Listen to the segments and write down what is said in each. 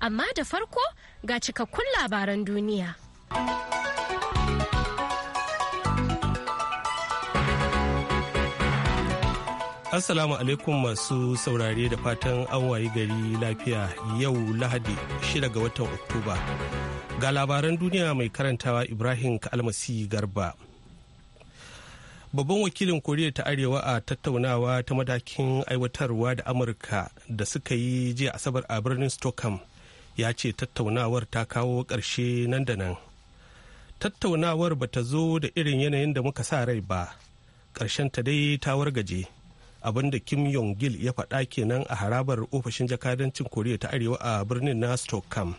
amma da farko ga cikakkun labaran duniya. Assalamu alaikum masu saurare da fatan an wayi gari lafiya yau Lahadi shida ga watan Oktoba. Ga labaran duniya mai karantawa Ibrahim Kalmasi Garba. babban wakilin koriya ta arewa a tattaunawa ta matakin aiwatarwa da amurka da suka yi jiya asabar a birnin stockholm ya ce tattaunawar ta kawo ƙarshe nan da nan tattaunawar ba ta zo da irin yanayin da muka sa rai ba ta dai ta wargaje abinda da kim yong gil ya faɗa kenan a harabar ofishin jakadancin koriya ta arewa a birnin na stockholm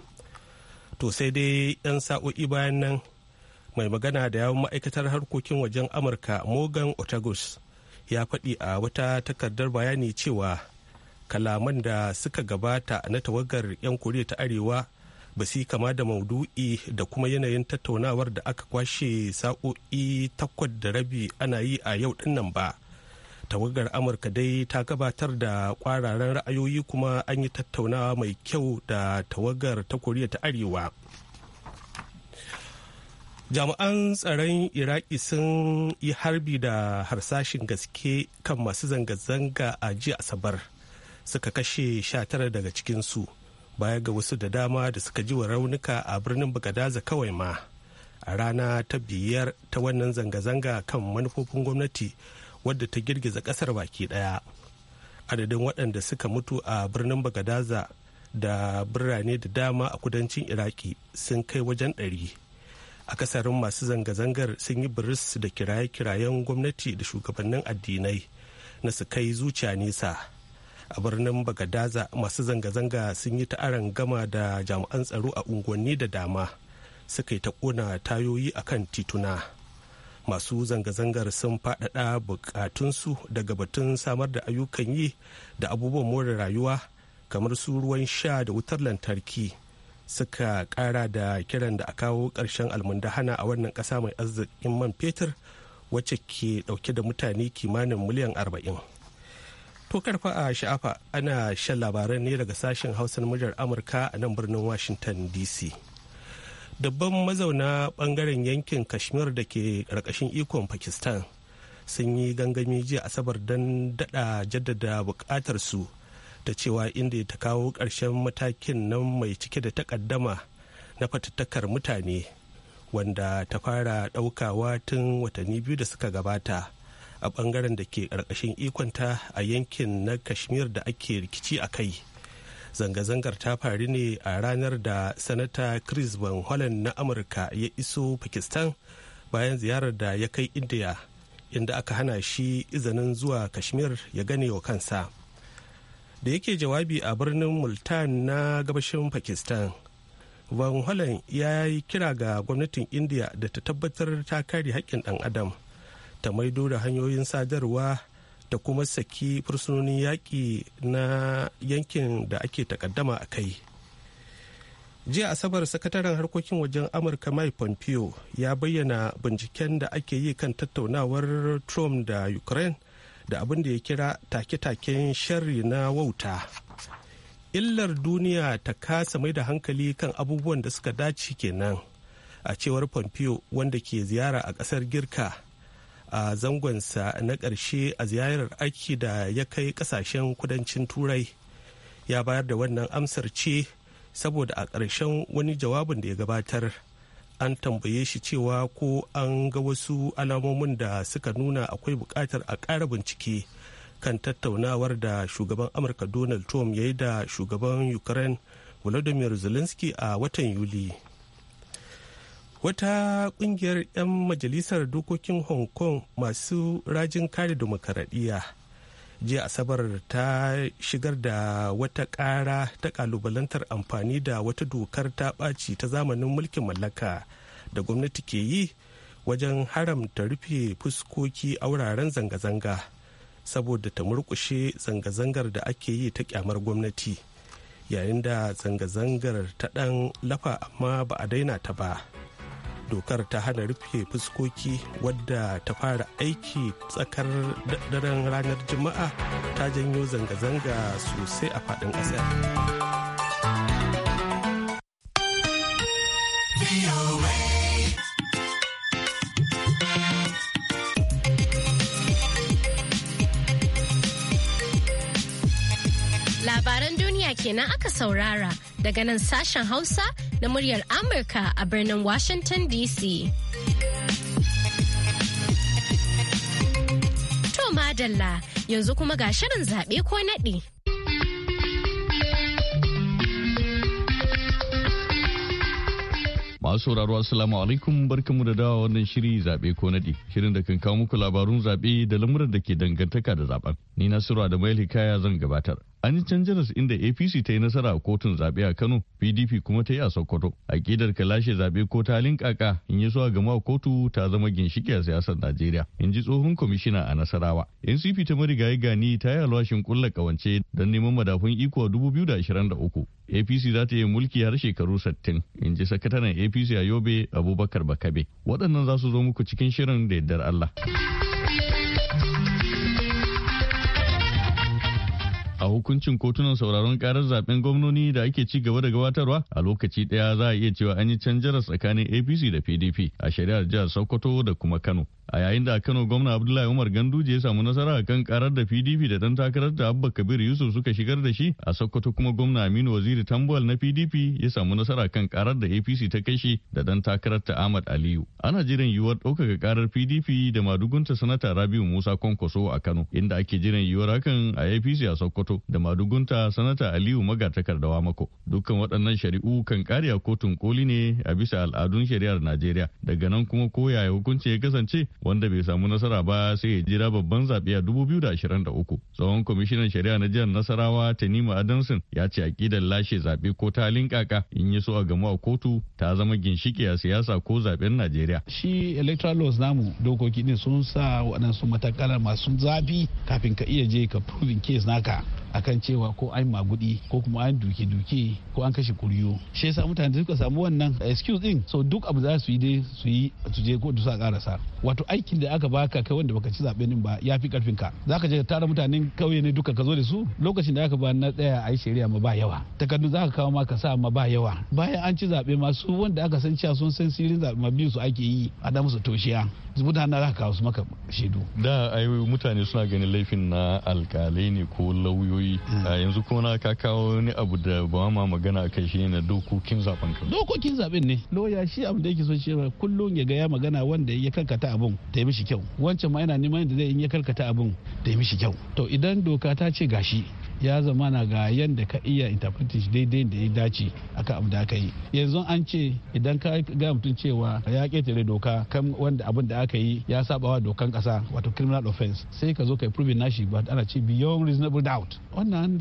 to sai dai 'yan sa'o'i bayan nan mai magana da yawon ma'aikatar harkokin wajen amurka morgan otagos ya faɗi a wata takardar bayani cewa kalaman da suka gabata na tawagar 'yan koriya ta arewa ba su kama da maudu'i da kuma yanayin tattaunawar da aka kwashe sa'o'i takwas da rabi ana yi a yau dinnan ba tawagar amurka dai ta gabatar da kwararen ra'ayoyi kuma an yi tattaunawa mai kyau da tawagar ta koriya ta arewa jami'an tsaron iraki sun yi harbi da harsashin gaske kan masu zanga-zanga a jiya asabar suka kashe 19 daga cikinsu baya ga wasu da dama da suka ji wa raunuka a birnin bagadaza kawai ma a rana ta biyar ta wannan zanga-zanga kan manufofin gwamnati wadda ta girgiza kasar baki daya adadin waɗanda suka mutu a birnin bagadaza da birane da dama a kudancin iraki sun kai wajen ɗari a kasarin masu zanga-zangar sun yi biris da kiraye-kirayen gwamnati da shugabannin addinai na su kai zuciya nesa a birnin bagadaza masu zanga-zanga sun yi ta'aran gama da jami'an tsaro a unguwanni da dama suka yi ta kona tayoyi a kan tituna masu zanga-zangar sun faɗaɗa bukatunsu daga batun samar da ayyukan yi da abubuwan more rayuwa kamar su ruwan sha da wutar lantarki suka ƙara da kiran da a kawo ƙarshen almundahana a wannan ƙasa mai arzikin man fetur wacce ke ɗauke da mutane kimanin miliyan arba'in. To karfa a sha'afa ana shan labaran ne daga sashen hausa na Amurka a nan birnin Washington DC. Dabban mazauna bangaren yankin Kashmir da ke ƙarƙashin ikon Pakistan sun yi gangami jiya asabar don daɗa jaddada buƙatar su ta cewa inda ya ta kawo ƙarshen matakin nan mai cike da takaddama na fatattakar mutane wanda ta fara ɗaukawa tun watanni biyu da suka gabata. a bangaren da ke ƙarƙashin ikonta a yankin na kashmir da ake rikici a kai zanga-zangar ta faru ne a ranar da sanata chris van hollen na amurka ya iso pakistan bayan ziyarar da ya kai india inda aka hana shi izinin zuwa kashmir ya gane wa kansa da yake jawabi a birnin multan na gabashin pakistan van hollen ya yi kira ga gwamnatin india da ta tabbatar ta kare haƙƙin ɗan adam ta maido da hanyoyin sadarwa ta kuma saki fursunonin yaƙi na yankin da ake takaddama a kai jiya asabar sakataren harkokin wajen amurka mike pompeo ya bayyana binciken da ake yi kan tattaunawar trump da ukraine da abin da ya kira take-taken sharri na wauta illar duniya ta kasa mai da hankali kan abubuwan da suka dace kenan a cewar pompeo wanda ke ziyara a ƙasar girka a zangonsa na ƙarshe a ziyarar aiki da ya kai ƙasashen kudancin turai ya bayar da wannan amsar ce saboda a ƙarshen wani jawabin da ya gabatar an tambaye shi cewa ko an ga wasu alamomin da suka nuna akwai buƙatar a ƙara bincike kan tattaunawar da shugaban amurka donald trump ya yi da shugaban ukraine volodymyr zelensky a watan yuli wata kungiyar 'yan majalisar dokokin hong kong masu rajin kare demokaradiyya jiya asabar ta shigar da wata ƙara ta kalubalantar amfani da wata dokar ta ɓaci ta zamanin mulkin mallaka da gwamnati ke yi wajen haramta rufe fuskoki a wuraren zanga-zanga saboda ta murkushe zanga-zangar da ake yi ta kyamar gwamnati yayin da zanga-zangar ta ɗan lafa amma ba a daina ta ba. dokar ta hana rufe fuskoki wadda ta fara aiki tsakar daren ranar juma'a ta janyo zanga-zanga sosai a faɗin ƙasar labaran duniya kenan aka saurara daga nan sashen hausa na muryar Amurka a birnin Washington DC. To madalla yanzu kuma ga shirin zaɓe ko naɗi. Masu sauraro Assalamu alaikum barkamu da dawa wannan shiri zaɓe ko naɗi. Shirin da kan kawo muku labarun zaɓe da lamuran da ke dangantaka da zaɓen. Ni na Nasiru da Maili Kaya zan gabatar. An yi rasu inda APC ta yi nasara a kotun zaɓe a Kano, PDP kuma ta yi a Sokoto. Aƙidar ka lashe zaɓe ko ta linkaka in yi zuwa a gama kotu ta zama ginshiƙi a siyasar Najeriya. In ji tsohon kwamishina a Nasarawa. NCP ta marigayi gani ta yi alwashin ƙulla ƙawance don neman madafun iko a 2023. apc za ta yi mulki har shekaru 60 in ji sakataren apc a yobe abubakar bakabe waɗannan za su zo muku cikin shirin da yardar allah a hukuncin kotunan sauraron karar zaben gwamnoni da ake ci gaba da gabatarwa a lokaci ɗaya za a iya cewa an yi canjara tsakanin apc da pdp a shari'ar jihar sokoto da kuma kano a yayin da kano gwamna abdullahi umar ganduje ya samu nasara kan karar da pdp da dan takarar da abba kabir yusuf suka shigar da shi a sokoto kuma gwamna aminu waziri tambuwal na pdp ya samu nasara kan karar da apc ta kai shi da dan takarar ta ahmad aliyu ana jiran yiwuwar ɗaukaka karar pdp da madugunta sanata rabiu musa kwankwaso a kano inda ake jiran yiwuwar hakan a apc a sokoto da madugunta sanata aliyu magatakardawa mako dukkan waɗannan shari'u kan kare a kotun koli ne a bisa al'adun shari'ar najeriya daga nan kuma koyaya hukunci ya kasance wanda bai samu nasara ba sai ya jira babban zaɓe a 2023 tsohon kwamishinan shari'a na jihar nasarawa tanima adamson ya ce aƙidar lashe zaɓe ko ta linƙaƙa in yi so a gamu a kotu ta zama ginshiƙi a siyasa ko zaɓen najeriya shi electoral laws namu dokoki ne sun sa waɗansu matakalar masu zafi kafin ka iya je ka proving case naka akan cewa ko an magudi ko kuma an duke-duke ko an kashe kuryo shi yasa mutane suka samu wannan excuse din so duk abu za su yi dai su yi su je ko dusa karasa wato aikin da aka baka kai wanda baka ci zaɓe din ba ya fi karfin ka zaka je tara mutanen kauye ne duka ka zo da su lokacin da aka ba na tsaya a yi shari'a ma ba yawa takardu za ka kawo ma ka sa ma ba yawa bayan an ci zaɓe ma su wanda aka san cewa sun san sirrin zaɓe ma biyu su ake yi a da musu toshiya na za ka kawo su maka shaidu da ai mutane suna ganin laifin na alkalai ne ko lauyoyi Mm. a yanzu kuma na ka kawo ni abu da ba ma magana kai shi ne dokokin zaben ka. dokokin zaben ne loya shi abu da yake so shi kullum ya ga ya magana wanda ya karkata abun da ya mishi kyau wancan ma yana neman da zai yi ya karkata abun da ya mishi kyau to idan doka ta ce gashi ya zama na ga yadda ka iya interpretation daidai da ya dace aka abu da aka yi yanzu an ce idan ka ga mutum cewa ya ketare doka kan wanda abin da aka yi ya saba wa dokan kasa wato criminal offense sai ka zo ka prove nashi ba ana ce beyond reasonable doubt wannan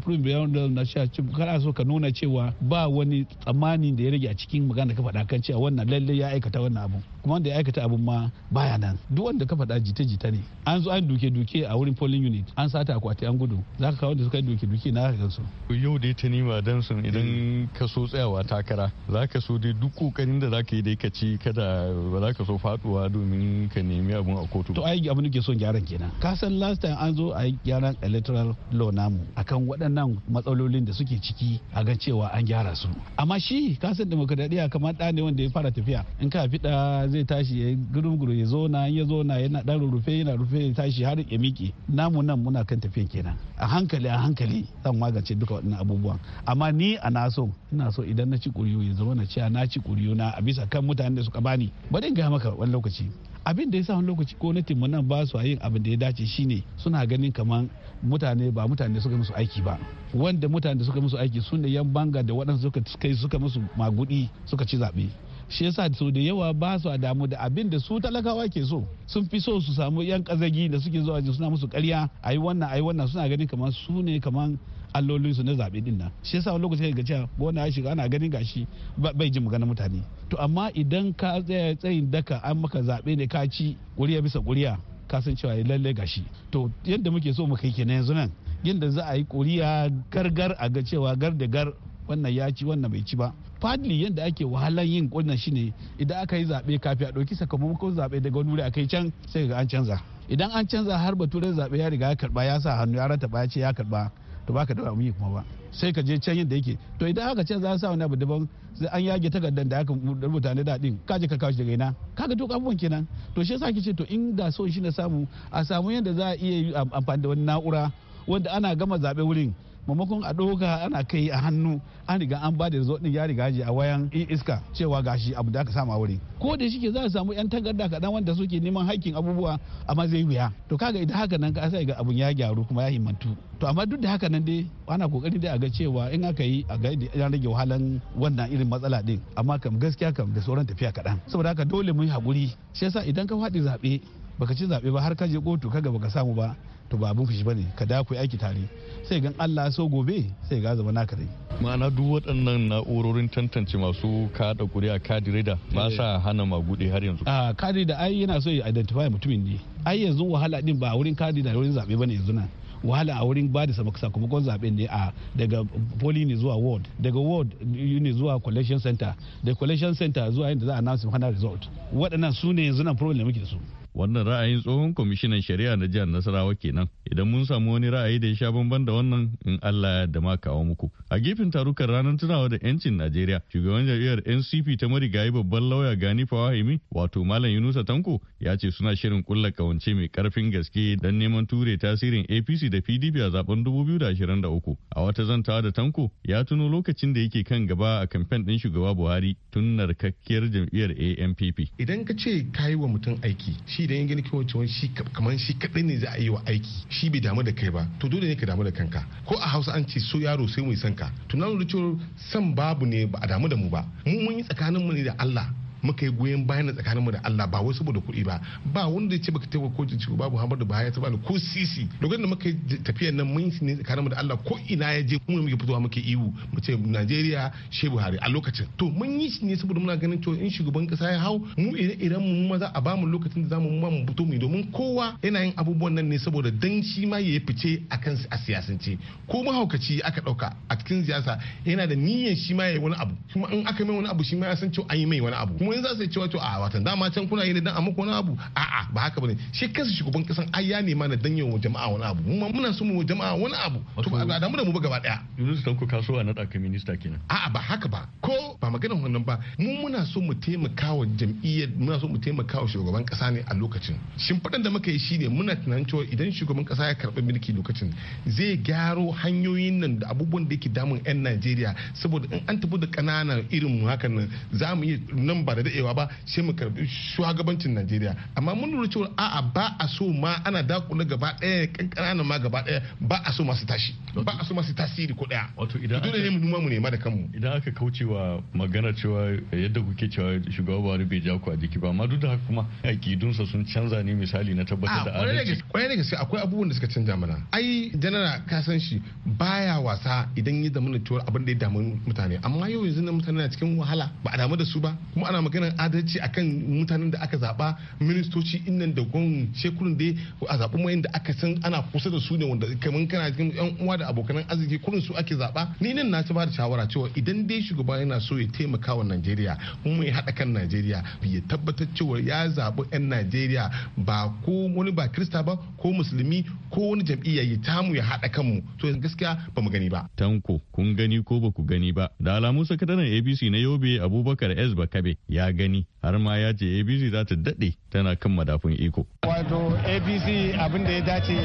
prove beyond na shi kana so ka nuna cewa ba wani tsammani da ya rage a cikin magana ka faɗa kan cewa wannan lallai ya aikata wannan abu kuma wanda ya aikata abun ma baya nan duk wanda ka faɗa jita-jita ne an zo an duke-duke a wurin polling unit an sata akwati an gudu za ka kawo da suka duki duki na haka su. yau dai ta nima don sun idan eh. ka so tsayawa takara za ka so dai duk kokarin da za ka yi dai ka ci kada ba za ka so faduwa domin ka nemi abun a kotu. to ai abin da ke son gyaran kenan ka san last time an zo a yi gyaran electoral law namu akan waɗannan matsalolin da suke ciki a ga cewa an gyara su amma shi ka san demokradiyya kamar ɗa wanda ya fara tafiya in ka fiɗa zai tashi ya guruguru ya zo na ya zo na yana ɗan rufe yana rufe ya tashi har ya miƙe namu nan muna kan tafiyan kenan a hankali a hankali zan magance duka waɗannan abubuwan amma ni a naso ina so idan na ci ƙuriyo ya zama na cewa na ci ƙuriyo na a bisa kan mutanen da suka bani bari in gaya maka wani lokaci abin da ya sa wani lokaci gwamnatin mu nan ba su yin abin da ya dace shine suna ganin kaman mutane ba mutane suka musu aiki ba wanda mutane da suka musu aiki sune da yan banga da waɗansu suka kai suka musu magudi suka ci zaɓe shi yasa sau da yawa ba su a damu da abin da su talakawa ke so sun fi so su samu yan kazagi da suke zuwa jin suna musu karya a yi wannan a yi wannan suna ganin kamar su ne kamar allolin su na zaɓe din nan shi yasa wani lokaci ga cewa gona ya shiga ana ganin gashi bai ji magana mutane to amma idan ka tsaya tsayin daka an maka zaɓe ne ka ci ƙuriya bisa kuriya ka san cewa lalle gashi to yadda muke so mu kai kenan yanzu nan yadda za a yi kuriya gargar a ga cewa gar da gar wannan ya ci wannan bai ci ba fadli yadda ake wahalar yin shi ne idan aka yi zaɓe kafi a ɗauki sakamakon zaɓe daga wani wuri a kai can sai ga an canza idan an canza har turai zaɓe ya riga ya karɓa ya sa hannu ya rataba ya ce ya karɓa to ba ka da yi kuma ba sai ka je can yadda yake to idan aka canza ya sa wani abu daban sai an yage takardar da aka rubuta na daɗin ka je ka kawo shi daga ina kaga duk abubuwan kenan to shi yasa ce to in ga so shi na samu a samu yadda za a iya amfani da wani na'ura wanda ana gama zaɓe wurin mamakon a ɗoka ana kai a hannu an riga an ba da resort din ya riga a wayan iska cewa gashi abu da aka samu a wuri ko da shike za a samu yan takarda kaɗan wanda suke neman haƙƙin abubuwa amma zai wuya to kaga idan haka nan ka sa ga abun ya gyaru kuma ya himmatu to amma duk da haka nan dai ana kokari dai a ga cewa in aka yi a ga yan rage wahalan wannan irin matsala din amma kam gaskiya kam da sauran tafiya kaɗan saboda haka dole mu yi haƙuri shi yasa idan ka faɗi zaɓe baka ci zaɓe ba har ka je kotu kaga baka samu ba to ba abin fushi ba ne ka da ku aiki tare sai gan Allah so gobe sai ga zama naka dai ma'ana duk waɗannan na'urorin tantance masu kada kuri'a kadire da ba eh. sa hana magude har yanzu a ah, kadire da ai yana so ya identify mutumin ne ai yanzu wahala din ba wurin kadire da wurin ba ne yanzu nan wahala a wurin ba da sakamakon zaɓe ne a daga poli ne zuwa ward daga ward ne zuwa collection center da collection center zuwa yadda za a announce final result waɗannan su ne yanzu nan problem muke da su Wannan ra'ayin tsohon kwamishinan shari'a na jihar Nasarawa kenan. idan mun samu wani ra'ayi da ya sha bamban da wannan in Allah ya yarda ma kawo muku a gefen tarukan ranar tunawa da yancin Najeriya shugaban jam'iyyar NCP ta marigayi babban lauya Gani Fawahimi wato Malam Yunusa Tanko ya ce suna shirin kulla kawance mai karfin gaske don neman ture tasirin APC da PDP a zaben 2023 a wata zantawa da Tanko ya tuno lokacin da yake kan gaba a kamfen din shugaba Buhari tun narkakkiyar jam'iyyar ANPP idan ka ce kayi wa mutum aiki shi da yin gani kawai shi kamar shi kaɗai ne za a yi wa aiki shi bai damu da kai ba to dole ne ka damu da kanka ko a hausa an ce so yaro sai mu san ka tunanin da san babu ne ba a damu da mu ba mu mun yi tsakanin mu ne da Allah muka yi goyon bayan tsakaninmu da Allah ba wai saboda kuɗi ba ba wanda ya ce baka taimaka ko jinci ba Muhammadu Buhari ta ko sisi lokacin da muka tafiya nan mun ne tsakaninmu da Allah ko ina ya je kuma muke fitowa muke iwu mu ce Najeriya she Buhari a lokacin to mun yi shi ne saboda muna ganin cewa in shugaban kasa ya hau mu ire-iren mu maza a ba mu lokacin da zamu ma mu fito mu domin kowa yana yin abubuwan nan ne saboda dan shi ma ya fice akan a siyasance ko mahaukaci aka dauka a cikin siyasa yana da niyyar shi ma ya yi wani abu kuma in aka mai wani abu shi ma ya san cewa an yi mai wani abu kuma wani za su ce wato a watan dama can kuna yin dan a muku wani abu a ba haka bane shi kansa shugaban kasan ai ya nema na danyo wa jama'a wani abu mu muna so mu jama'a wani abu to ba da mu da mu gaba daya yanzu su ku kasuwa na daka minista kenan a ba haka ba ko ba maganar wannan ba mu muna so mu taimaka wa jam'iyyar muna so mu taimaka wa shugaban kasa ne a lokacin fadan da muka yi shine muna tunanin cewa idan shugaban kasa ya karɓi mulki lokacin zai gyaro hanyoyin nan da abubuwan da yake damun 'yan Najeriya saboda in an tafi da ƙananan irin mu hakan nan za mu yi nan ba da daɗewa ba sai mu karbi shugabancin najeriya amma mun lura cewa a'a ba a so ma ana dakula gaba ɗaya nan ma gaba ɗaya ba a so su tashi ba a so su tasiri ko ɗaya wato idan dole ne mu mu nema da kanmu idan aka kaucewa magana cewa yadda kuke cewa shugaba Buhari bai ja ku a jiki ba amma duk da haka kuma akidunsa sun canza ne misali na tabbatar da adalci kwarai ne gaske akwai abubuwan da suka canja mana ai janara ka san shi baya wasa idan ya zama cewa abin da ya damu mutane amma yau yanzu na mutane na cikin wahala ba a damu da su ba kuma ana maganar adalci akan mutanen da aka zaba ministoci innan da gwamnati shekulun da a zaɓi mayan da aka san ana kusa da su ne wanda kamar kana cikin yan uwa da abokan arziki kurin su ake zaba. ni nan na ci ba da shawara cewa idan dai shugaba yana so ya taimaka wa Najeriya kuma ya haɗa kan Najeriya ya tabbatar cewa ya zaɓi 'yan Najeriya ba ko wani ba Kirista ba ko Musulmi ko wani jam'iyya ya tamu ya haɗa kanmu to gaskiya ba mu gani ba. Tanko kun gani ko ba ku gani ba da alamu sakataren ABC na Yobe Abubakar S Bakabe ya gani har ma ya ce abc za ta daɗe tana kan madafun iko wato abc abin da ya dace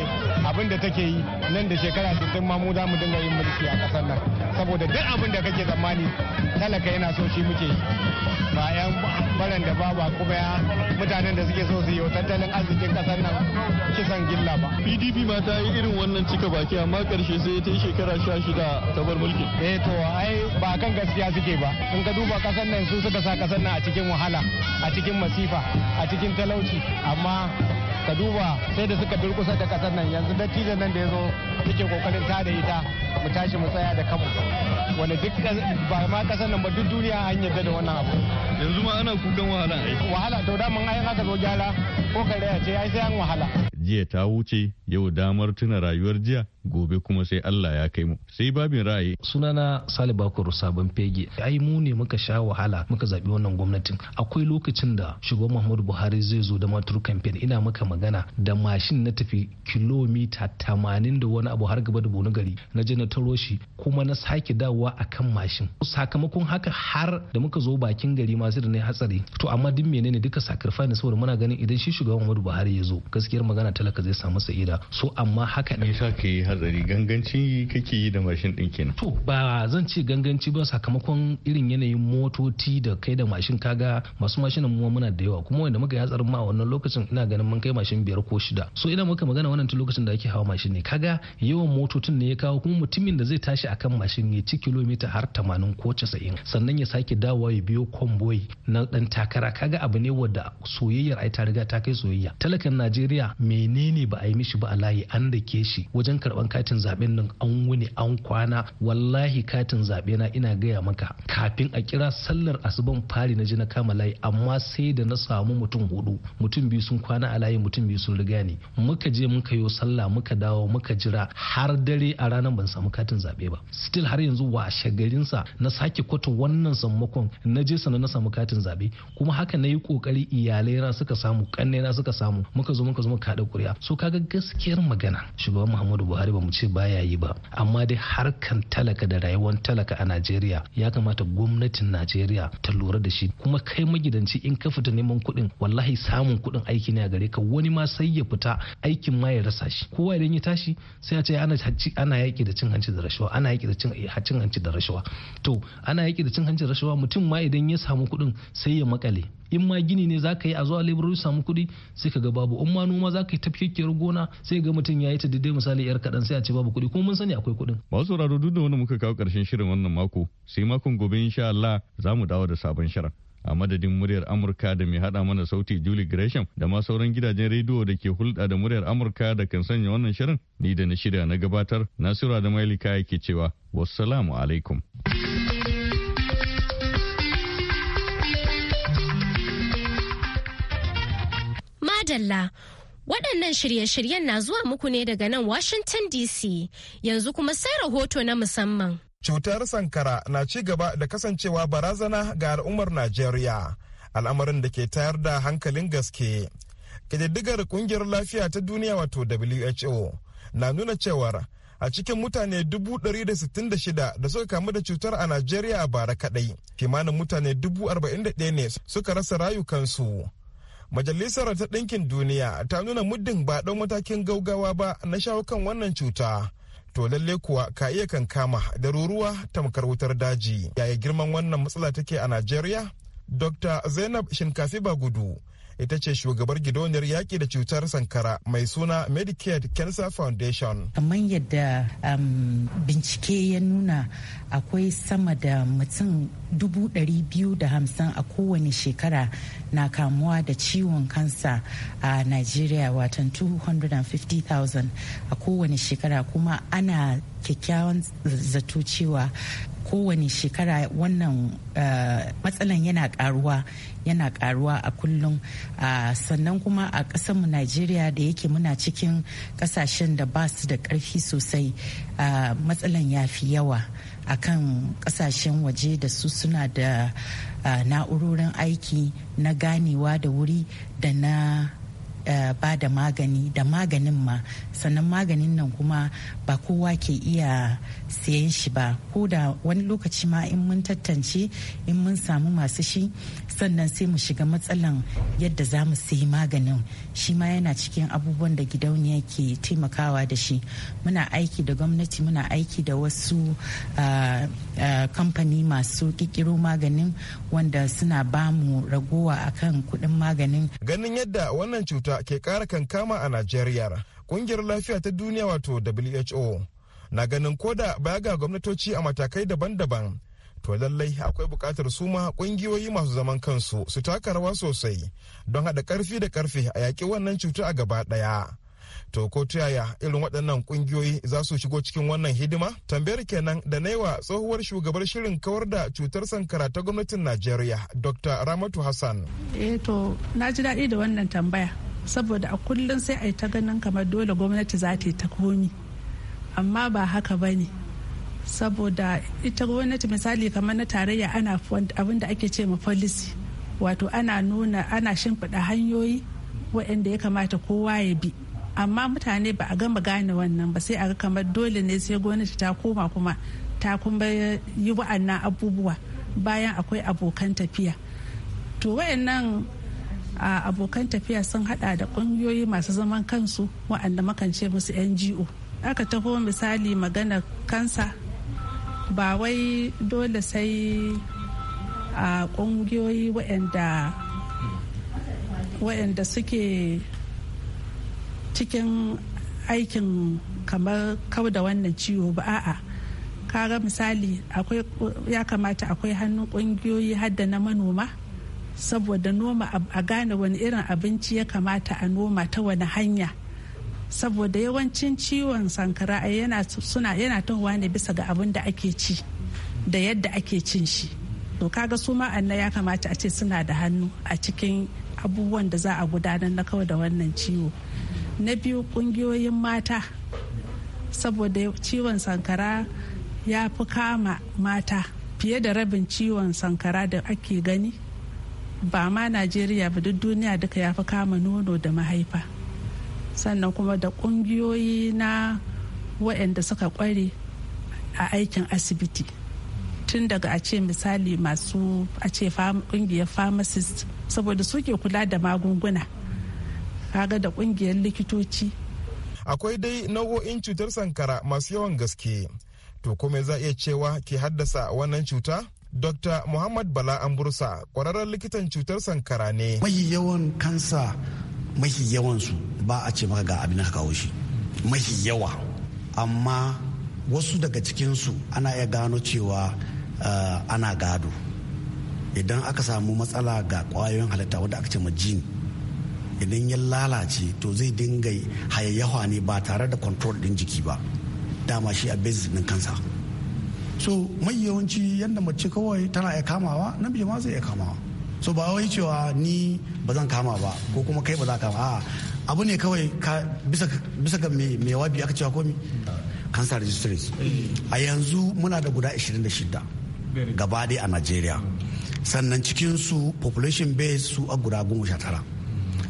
abin da take yi nan da shekara sittin ma mu za mu dinga yin mulki a ƙasar nan saboda duk abin da kake tsammani talaka yana so shi muke ba waɗanda da ba kuma mutanen da suke so su yi tattalin arzikin kasar nan kisan gilla ba. PDP ma ta yi irin wannan cika baki amma ƙarshe sai ta yi shekara sha shida ta bar mulki. Eh to ai ba kan gaskiya suke ba. In ka duba kasar nan su suka sa kasar nan a cikin wahala, a cikin masifa, a cikin talauci amma ka duba sai da suka durkusa da kasar nan yanzu dattijan nan da ya zo suke kokarin ta da ita mu tashi mu tsaya da kanmu wani duk ba ma kasar nan ba duk duniya an yarda da wannan abu yanzu ma ana kukan wahala ai wahala to da mun ai aka zo gyara ko kare ya ce ai sai an wahala jiya ta wuce yau damar tuna rayuwar jiya gobe kuma sai Allah ya kai mu sai babin ra'ayi sunana Sale Bakuru sabon fege ai mu ne muka sha wahala muka zabi wannan gwamnatin akwai lokacin da shugaban Muhammadu Buhari zai zo da matur campaign ina maka magana da mashin na tafi kilomita tamanin da wani abu har gaba da Bono gari na je na taro shi kuma na sake dawowa akan mashin sakamakon haka har da muka zo bakin gari ma sai da ne hatsari to amma duk menene duka sacrifice saboda muna ganin idan shi shugaban Muhammadu Buhari ya zo gaskiyar magana talaka zai samu sa'ida so amma haka ne sa ke har hatsari ganganci kake yi da mashin din kenan to ba zan ce ganganci ba sakamakon irin yanayin motoci da kai da mashin kaga masu mashinan mu muna da yawa kuma wanda muka yi hatsarin ma wannan lokacin ina ganin mun kai mashin biyar ko shida so idan muka magana wannan tun lokacin da ake hawa mashin ne kaga yawan motocin ne ya kawo kuma mutumin da zai tashi akan mashin ya ci kilomita har 80 ko 90 sannan ya sake dawowa ya biyo konvoy na dan takara kaga abu ne wanda soyayyar ai ta riga ta kai soyayya talakan Najeriya menene ba a yi mishi ba a layi an da ke shi wajen karɓar zaben katin zaben nan an wuni an kwana wallahi katin zabe na ina gaya maka kafin a kira sallar asuban fari na ji na kama layi amma sai da na samu mutum hudu mutum biyu sun kwana a layi mutum biyu sun riga ni muka je muka yo sallah muka dawo muka jira har dare a ranar ban samu katin zabe ba still har yanzu washe garinsa na sake kwatu wannan sammakon na je sana na samu katin zabe kuma haka na yi kokari iyalai na suka samu kanne na suka samu muka zo muka zo muka kada kuri'a so kaga gaskiyar magana shugaban Muhammadu Buhari buhari ba mu ce baya yi ba amma dai harkan talaka da rayuwar talaka a najeriya ya kamata gwamnatin najeriya ta lura da shi kuma kai magidanci in ka fita neman kuɗin wallahi samun kuɗin aiki ne a gare ka wani ma sai ya fita aikin ma ya rasa shi kowa idan ya tashi sai a ce ana ana yaƙi da cin hanci da rashawa ana yaƙi da eh, cin hanci da rashawa to ana yaƙi da cin hanci da rashawa mutum ma idan ya samu kuɗin sai ya makale in ma gini ne za ka yi a zuwa laborori samu kuɗi sai ka ga babu in ma noma za ka yi tafkekiyar gona sai ga mutum ya yi ta daidai misali yar kaɗan sai a ce babu kuɗi kuma mun sani akwai kuɗin. masu sauraro duk da wani muka kawo ƙarshen shirin wannan mako sai makon gobe insha Allah za mu dawo da sabon shirin. a madadin muryar amurka da mai hada mana sauti julie gresham da ma sauran gidajen rediyo da ke hulɗa da muryar amurka da kan sanya wannan shirin ni da na shirya na gabatar nasiru da mailika yake cewa wassalamu alaikum. madalla. Waɗannan shirye-shiryen na zuwa muku ne daga nan Washington DC yanzu kuma sai rahoto na musamman. Cutar sankara na ci gaba da kasancewa barazana ga al'ummar Najeriya, al'amarin da ke tayar da hankalin gaske. Ƙididdigar Ƙungiyar Lafiya ta Duniya wato WHO na nuna cewar a cikin mutane 166 da suka kamu da cutar a Najeriya a bara kadai kimanin mutane 41 ne suka rasa rayukansu. Majalisar ta ɗinkin duniya ta nuna muddin ba ɗan matakin gaugawa ba na shawo kan wannan cuta. To lalle kuwa ka iya kankama da ruruwa tamkar wutar daji. Yaya girman wannan matsala take a Najeriya? Dr. Zainab Shinkafi Bagudu ita ce shugabar gidauniyar yaƙi da cutar sankara mai suna medicaid cancer foundation kamar yadda um, bincike ya nuna akwai sama da mutum dubu biyu da hamsin a kowane shekara na kamuwa da ciwon kansa a nigeria watan 250,000 a kowane shekara kuma ana kyakkyawan zato cewa kowane shekara wannan eh, matsalan yana karuwa yana karuwa a kullum ah, sannan kuma a ƙasarmu najeriya da yake muna cikin ƙasashen da ba su da ƙarfi sosai ah, matsalan ya fi yawa a kan ƙasashen waje da su suna da ah, na'urorin aiki na ganewa da wuri da na Eh, ba da magani da maganin ma sannan maganin nan kuma ba kowa ke iya siyan shi ba ko da wani lokaci ma in mun tantance in mun samu masu shi sannan sai mu shiga matsalan yadda za mu sayi maganin shi ma yana cikin abubuwan da gidauniya ke taimakawa da shi muna aiki da gwamnati muna aiki da wasu ah, ah, kamfani masu kikiro maganin wanda suna ba mu ragowa akan kuɗin maganin ganin yadda wannan cutar cuta ke kara kankama a Najeriya. Ƙungiyar lafiya ta duniya wato WHO na ganin koda baya ga gwamnatoci a matakai daban-daban. To lallai akwai bukatar su ma ƙungiyoyi masu zaman kansu su taka rawa sosai don haɗa karfi da karfe a yaƙi wannan cuta a gaba ɗaya. To ko ta yaya irin waɗannan ƙungiyoyi za su shigo cikin wannan hidima? Tambayar kenan da na wa tsohuwar shugabar shirin kawar da cutar sankara ta gwamnatin Najeriya, Dr. Ramatu Hassan. Eh to, na ji daɗi da wannan tambaya. saboda a kullum sai a yi ta ganin kamar dole gwamnati za ta yi ta komi amma ba haka ba ne saboda ita gwamnati misali kamar na tarayya ana abin da ake ce ma policy wato ana nuna ana shimfiɗa hanyoyi waɗanda ya kamata kowa ya bi amma mutane ba a gama gane wannan ba sai a ga kamar dole ne sai gwamnati ta koma kuma ta kuma yi wa'annan abubuwa bayan akwai abokan tafiya to wayannan A abokan tafiya sun hada da kungiyoyi masu zaman kansu wa'anda makance musu ngo aka taho misali magana kansa ba wai dole sai a kungiyoyi wa'anda suke cikin aikin kamar kau da wannan ciwo ba a'a kaga misali ya kamata akwai hannun kungiyoyi hadda na manoma saboda noma a gane wani irin abinci ya kamata a noma ta wani hanya saboda yawancin ciwon sankara yana suna yana tahowa ne bisa ga abin da ake ci da yadda ake cin shi to kaga su ma ya kamata a ce suna da hannu a cikin abubuwan da za a gudanar na kawai da wannan ciwo na biyu kungiyoyin mata saboda ciwon sankara ya fi kama mata fiye da rabin ciwon sankara da ake gani ba ma najeriya ba duk duniya duka ya fi kama nono da mahaifa sannan kuma da kungiyoyi na waɗanda suka kware a aikin asibiti tun daga a ce misali masu a ce kungiyar pharmacist saboda suke kula da magunguna kaga da kungiyar likitoci akwai dai nau'o'in cutar sankara masu yawan gaske to kome za iya cewa ke haddasa wannan cuta Dr. Muhammad Bala Ambursa kwararren likitan cutar sankara ne. Mahi yawan kansa mahi yawansu ba a ce maka ga abin haka kawo Mahi yawa. Amma wasu daga cikinsu ana iya gano cewa uh, ana gado. Idan aka samu matsala ga kwayoyin halitta wanda aka ce ma jini. idan ya lalace to zai dinga hayayyawa ne ba tare da control din jiki ba dama shi a basic kansa so mai yawanci yadda mace kawai tana iya kamawa namiji ma zai iya kamawa so ba wai cewa ni ba zan kama ba ko kuma kai ba za ka kama abu ne kawai bisa ga mai wabi aka cewa komi cancer registries a yanzu muna da guda 26 gaba dai a nigeria sannan cikin su population base su a guda 19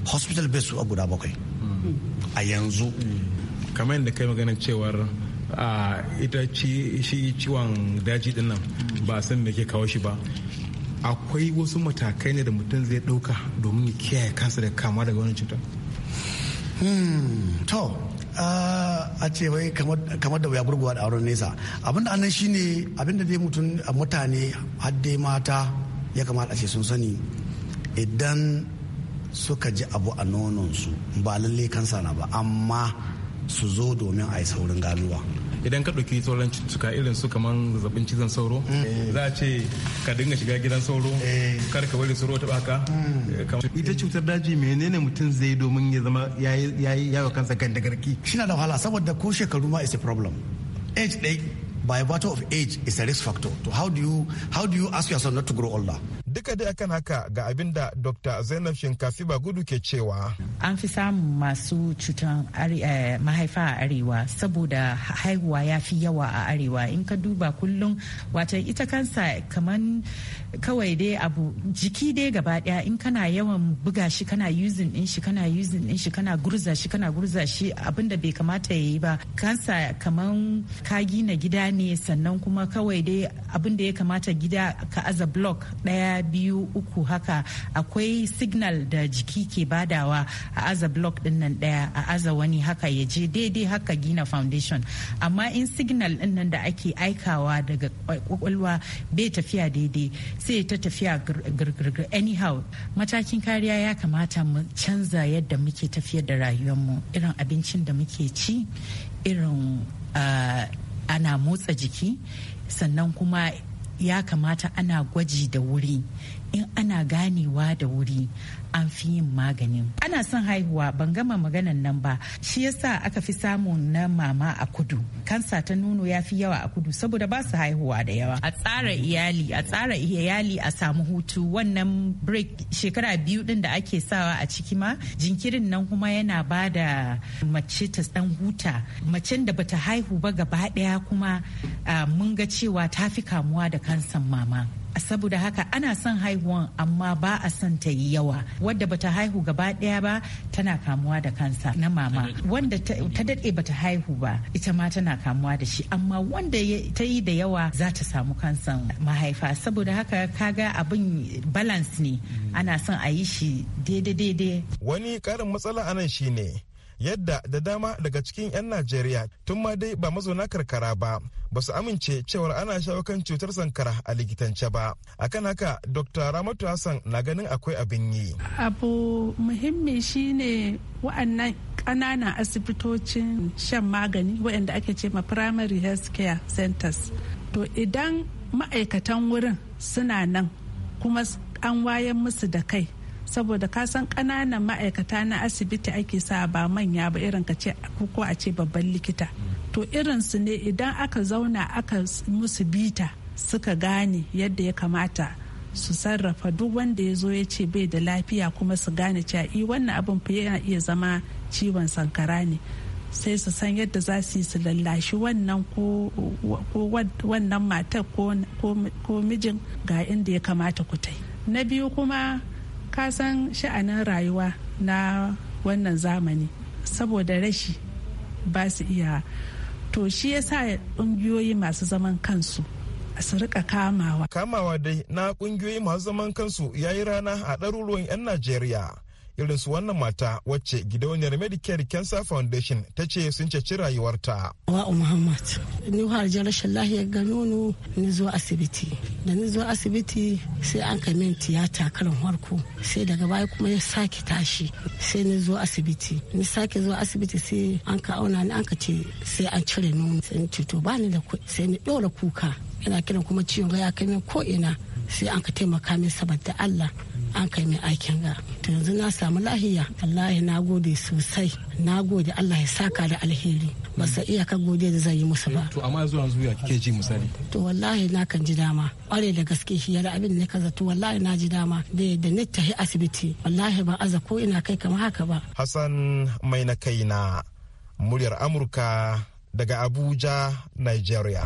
hospital base su a guda bakwai a yanzu mm. kamar yadda kai maganin cewar A ita shi ciwon daji din nan ba san me ke kawo shi ba akwai wasu matakai ne da mutum zai ɗauka domin ya kiyaye kansa da kama daga wani cuta hmm, to a ce wai kamar da wuya gurguwa da auren nesa abinda annan shine abinda dai mutum mutane mata ya kamata ce sun sani idan suka ji abu a nononsu ba lallai kansa na ba amma su zo domin a yi saurin ganuwa idan ka ɗauki tsoron cututtuka irin su kamar zazzabin cizon sauro eh. za a ce ka dinga shiga gidan sauro eh. kar ka bari sauro ta baka hmm. ita cutar daji menene mutum zai domin ya zama ya yi yawa kansa garki. shi na da wahala saboda ko shekaru ma is a problem age day by virtue of age is a risk factor to how do you how do you ask yourself not to grow older duka dai akan haka ga abin da dr zainab shinkafi gudu ke cewa an fi samun masu cutan eh, mahaifa a arewa saboda haihuwa ya fi yawa a arewa in ka duba kullum wata ita kansa kaman kawai dai abu jiki dai gaba daya in kana yawan buga shi kana using din shi kana using din shi kana gurza shi kana gurza shi abinda bai kamata ya yi ba kansa kaman ka gina gida ne sannan kuma kawai dai abinda ya kamata gida ka aza block daya biyu uku haka akwai signal da jiki ke badawa a aza block din nan ɗaya a aza wani haka ya je daidai haka gina foundation amma in signal din nan da ake aikawa daga kwakwalwa bai tafiya daidai sai ta tafiya girgirgir anyhow matakin kariya ya kamata mu canza yadda muke tafiyar da rayuwar mu irin abincin da muke ci irin ah, ana motsa jiki sannan kuma ya kamata ana gwaji da wuri in ana ganewa da wuri an fi yin maganin ana son haihuwa ban gama maganan nan ba shi yasa aka fi samun na mama a kudu kansa ta nono ya fi yawa a kudu saboda ba su haihuwa da yawa a tsara iyali a tsara iyali a samu hutu wannan break shekara biyu din da ake sawa a ciki ma jinkirin nan kuma yana ba da mace ta dan huta macen da bata haihu ba gaba daya kuma ah, mun ga cewa ta fi kamuwa da kansan mama saboda haka ana son haihuwan amma ba a son ta yi yawa wadda bata haihu gaba daya ba tana kamuwa da kansa na mama wanda ta dade bata haihu ba ita ma tana kamuwa da shi amma wanda ta yi da yawa za ta samu kansan mahaifa saboda haka kaga abin balance ne mm. ana son a yi shi daidai daidai wani karin matsala anan shine yadda da dama daga cikin 'yan najeriya tun ma dai ba mazauna karkara ba ba su amince cewar ana shawo kan cutar sankara a likitance ba akan haka dr ramatu hassan na ganin akwai abin yi abu muhimmi shine wa'annan ƙananan asibitocin shan magani waɗanda ake ce ma primary health care centers to idan ma'aikatan wurin suna nan kuma an wayan musu da kai saboda ka san ƙananan ma'aikata na asibiti ake sa ba manya ba irin ka ce ko a ce babban likita to irin su ne idan aka zauna aka musu bita suka gane yadda ya kamata su sarrafa duk wanda ya zo ya ce bai da lafiya kuma su gane cewa i eh, wannan abin fa yana iya zama ciwon sankara ne sai su san yadda za su yi su lallashi wannan ko wannan matar ko mijin ga inda ya kamata ku tai na biyu kuma ka san sha'anin rayuwa na wannan zamani saboda rashi ba su iya to shi ya sa ƙungiyoyi masu zaman kansu su rika kamawa kamawa dai na ƙungiyoyi masu zaman kansu ya yi rana a ɗaruruwan 'yan najeriya irin su wannan mata wacce gidauniyar medicare cancer foundation ta ce sun ceci rayuwarta wa'u muhammad ni harjar rashin lahiyar ganonu ni zuwa asibiti da ni zuwa asibiti sai an ka min tiyata karin farko sai daga baya kuma ya sake tashi sai ni zuwa asibiti ni sake zuwa asibiti sai an ka auna ni an ka ce sai an cire nono sai ni ce to bani da sai ni ɗora kuka yana kiran kuma ciwon gaya ya kai min ko ina sai an ka taimaka min saboda Allah an kai mai aikin ga to yanzu na samu lahiya wallahi na gode sosai na gode Allah ya saka da alheri ba sa iya ka gode da zai yi musu ba to amma zuwa yanzu kike ji misali to wallahi na kan ji dama kware da gaske shi yar abin ne kaza to wallahi na ji dama da yadda ni tahi asibiti wallahi ba aza ko ina kai kamar haka ba Hassan mai na kai na muryar Amurka daga Abuja Nigeria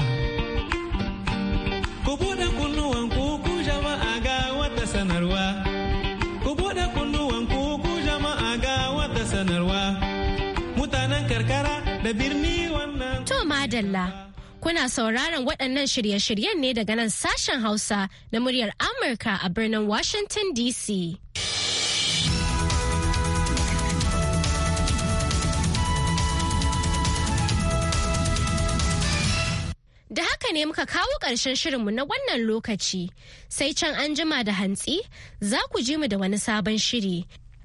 To madalla. Kuna sauraron waɗannan shirye-shiryen ne daga nan sashen Hausa na muryar Amurka a birnin Washington DC. Da haka ne muka kawo ƙarshen shirinmu na wannan lokaci, sai can an jima da hantsi za ku ji mu da wani sabon shiri.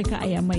Afirka a Yamai.